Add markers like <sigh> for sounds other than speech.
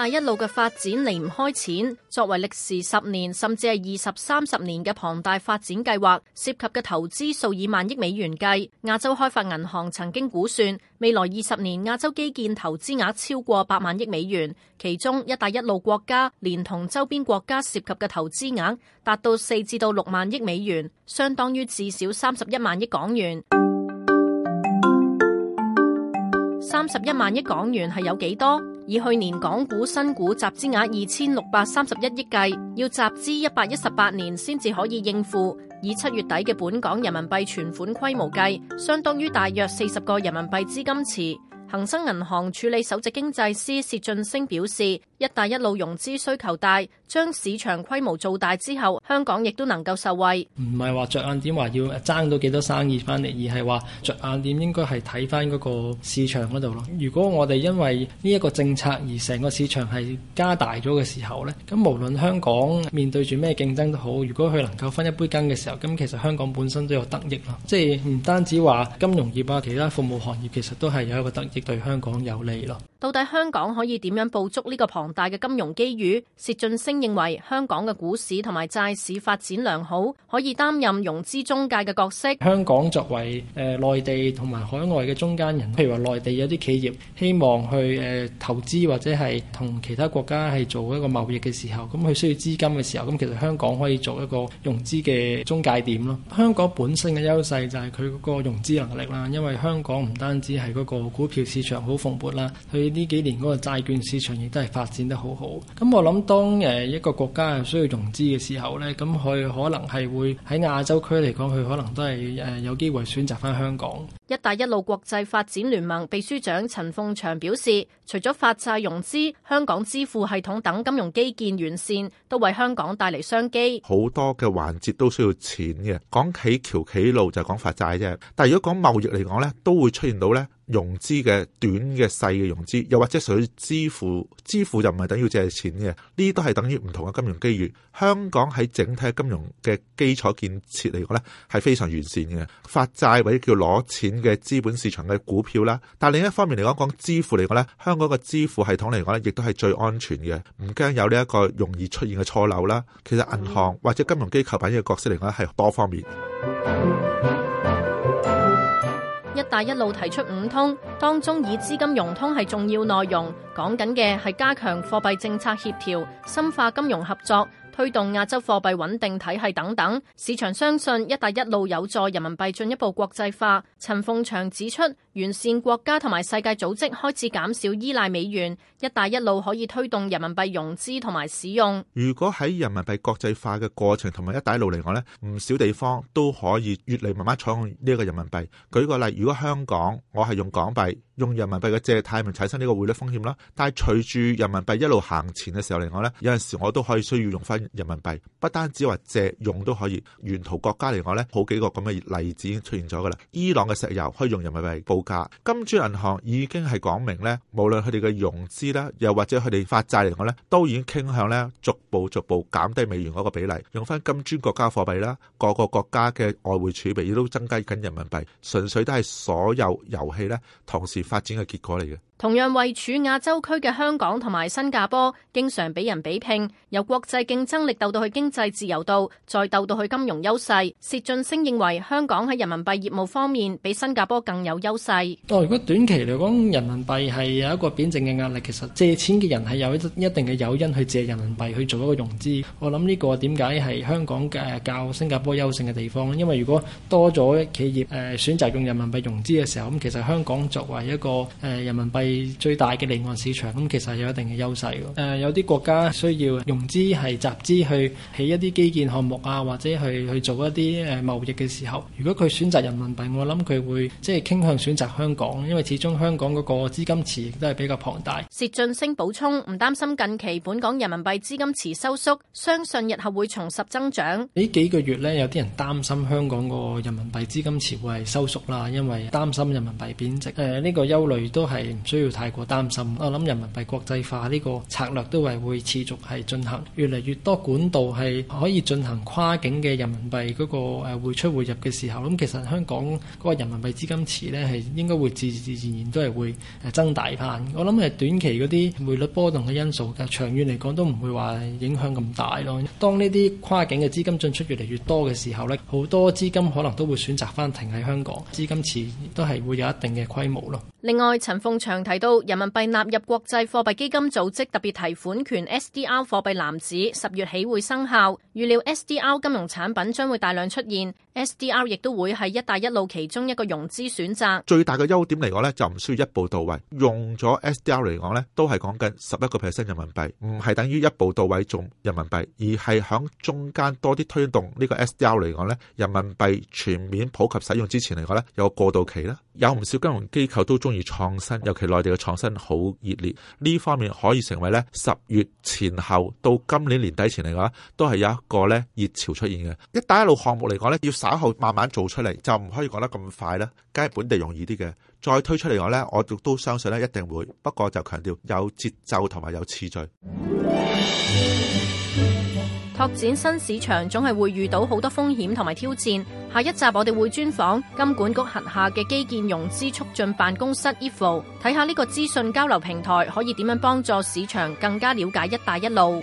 一帶一路嘅發展離唔開錢，作為歷時十年甚至係二十三十年嘅龐大發展計劃，涉及嘅投資數以萬億美元計。亞洲開發銀行曾經估算，未來二十年亞洲基建投資額超過八萬億美元，其中一帶一路國家連同周邊國家涉及嘅投資額達到四至到六萬億美元，相當於至少三十一萬億港元。三十一萬億港元係有幾多？以去年港股新股集資額二千六百三十一億計，要集資一百一十八年先至可以應付。以七月底嘅本港人民幣存款規模計，相當於大約四十個人民幣資金池。恒生銀行處理首席經濟師薛俊升表示，一帶一路融資需求大。將市場規模做大之後，香港亦都能夠受惠。唔係話着眼點話要爭到幾多生意翻嚟，而係話着眼點應該係睇翻嗰個市場嗰度咯。如果我哋因為呢一個政策而成個市場係加大咗嘅時候呢，咁無論香港面對住咩競爭都好，如果佢能夠分一杯羹嘅時候，咁其實香港本身都有得益咯。即係唔單止話金融業啊，其他服務行業其實都係有一個得益，對香港有利咯。到底香港可以點樣捕捉呢個龐大嘅金融機遇？薛俊升認為香港嘅股市同埋債市發展良好，可以擔任融資中介嘅角色。香港作為誒內地同埋海外嘅中間人，譬如話內地有啲企業希望去誒投資或者係同其他國家係做一個貿易嘅時候，咁佢需要資金嘅時候，咁其實香港可以做一個融資嘅中介點咯。香港本身嘅優勢就係佢嗰個融資能力啦，因為香港唔單止係嗰個股票市場好蓬勃啦，佢。呢幾年嗰個債券市場亦都係發展得好好，咁我諗當誒一個國家需要融資嘅時候咧，咁佢可能係會喺亞洲區嚟講，佢可能都係誒有機會選擇翻香港。一帶一路國際發展聯盟秘書長陳鳳祥表示，除咗發債融資，香港支付系統等金融基建完善，都為香港帶嚟商機。好多嘅環節都需要錢嘅，講起橋起路就係講發債啫，但係如果講貿易嚟講咧，都會出現到咧。融資嘅短嘅細嘅融資，又或者屬於支付，支付又唔係等於借錢嘅，呢啲都係等於唔同嘅金融機遇。香港喺整體金融嘅基礎建設嚟講呢，係非常完善嘅，發債或者叫攞錢嘅資本市場嘅股票啦。但另一方面嚟講，講支付嚟講呢，香港嘅支付系統嚟講呢，亦都係最安全嘅，唔驚有呢一個容易出現嘅錯漏啦。其實銀行或者金融機構扮演嘅角色嚟講係多方面。一帶一路提出五通，當中以資金融通係重要內容，講緊嘅係加強貨幣政策協調、深化金融合作。推動亞洲貨幣穩定體系等等，市場相信一帶一路有助人民幣進一步國際化。陳鳳祥指出，完善國家同埋世界組織開始減少依賴美元，一帶一路可以推動人民幣融資同埋使用。如果喺人民幣國際化嘅過程同埋一帶一路嚟講呢，唔少地方都可以越嚟慢慢採用呢一個人民幣。舉個例，如果香港我係用港幣，用人民幣嘅借貸咪產生呢個匯率風險啦。但係隨住人民幣一路行前嘅時候嚟講呢，有陣時我都可以需要用翻。人民幣不單止話借用都可以，沿途國家嚟講呢好幾個咁嘅例子已經出現咗㗎喇。伊朗嘅石油可以用人民幣報價，金磚銀行已經係講明呢，無論佢哋嘅融資啦，又或者佢哋發債嚟講呢都已經傾向呢，逐步逐步減低美元嗰個比例，用返金磚國家貨幣啦。各個國家嘅外匯儲備亦都增加緊人民幣，純粹都係所有遊戲咧同時發展嘅結果嚟嘅。同樣位處亞洲區嘅香港同埋新加坡，經常俾人比拼，由國際競爭力鬥到去經濟自由度，再鬥到去金融優勢。薛進升認為香港喺人民幣業務方面比新加坡更有優勢。哦，如果短期嚟講，人民幣係有一個貶值嘅壓力，其實借錢嘅人係有一一定嘅誘因去借人民幣去做一個融資。我諗呢個點解係香港誒較新加坡優勝嘅地方，因為如果多咗企業誒選擇用人民幣融資嘅時候，咁其實香港作為一個誒人民幣。最大嘅離岸市場，咁其實有一定嘅優勢。誒，有啲國家需要融資，係集資去起一啲基建項目啊，或者去去做一啲誒貿易嘅時候，如果佢選擇人民幣，我諗佢會即係傾向選擇香港，因為始終香港嗰個資金池亦都係比較龐大。薛俊升補充：唔擔心近期本港人民幣資金池收縮，相信日後會重拾增長。呢幾個月咧，有啲人擔心香港個人民幣資金池會係收縮啦，因為擔心人民幣貶值。誒、呃、呢、這個憂慮都係。唔需。不要太過擔心，我諗人民幣國際化呢個策略都係會持續係進行，越嚟越多管道係可以進行跨境嘅人民幣嗰個誒匯出匯入嘅時候，咁其實香港嗰個人民幣資金池咧係應該會自自然然都係會誒增大翻。我諗係短期嗰啲匯率波動嘅因素，但係長遠嚟講都唔會話影響咁大咯。當呢啲跨境嘅資金進出越嚟越多嘅時候咧，好多資金可能都會選擇翻停喺香港，資金池都係會有一定嘅規模咯。另外，陳鳳祥。提到人民幣納入國際貨幣基金組織特別提款權 SDR 貨幣籃子十月起會生效，預料 SDR 金融產品將會大量出現，SDR 亦都會係一帶一路其中一個融資選擇。最大嘅優點嚟講咧，就唔需要一步到位，用咗 SDR 嚟講咧，都係講緊十一個 percent 人民幣，唔係等於一步到位仲人民幣，而係喺中間多啲推動個呢個 SDR 嚟講咧，人民幣全面普及使用之前嚟講咧，有個過渡期啦。有唔少金融機構都中意創新，尤其內我哋嘅創新好熱烈，呢方面可以成為咧十月前後到今年年底前嚟講，都係有一個咧熱潮出現嘅。一帶一路項目嚟講咧，要稍後慢慢做出嚟，就唔可以講得咁快啦。梗係本地容易啲嘅，再推出嚟講咧，我亦都相信咧一定會。不過就強調有節奏同埋有次序。 <noise> 拓展新市場總係會遇到好多風險同埋挑戰。下一集我哋會專訪金管局轄下嘅基建融資促進辦公室 Evo，睇下呢個資訊交流平台可以點樣幫助市場更加了解一帶一路。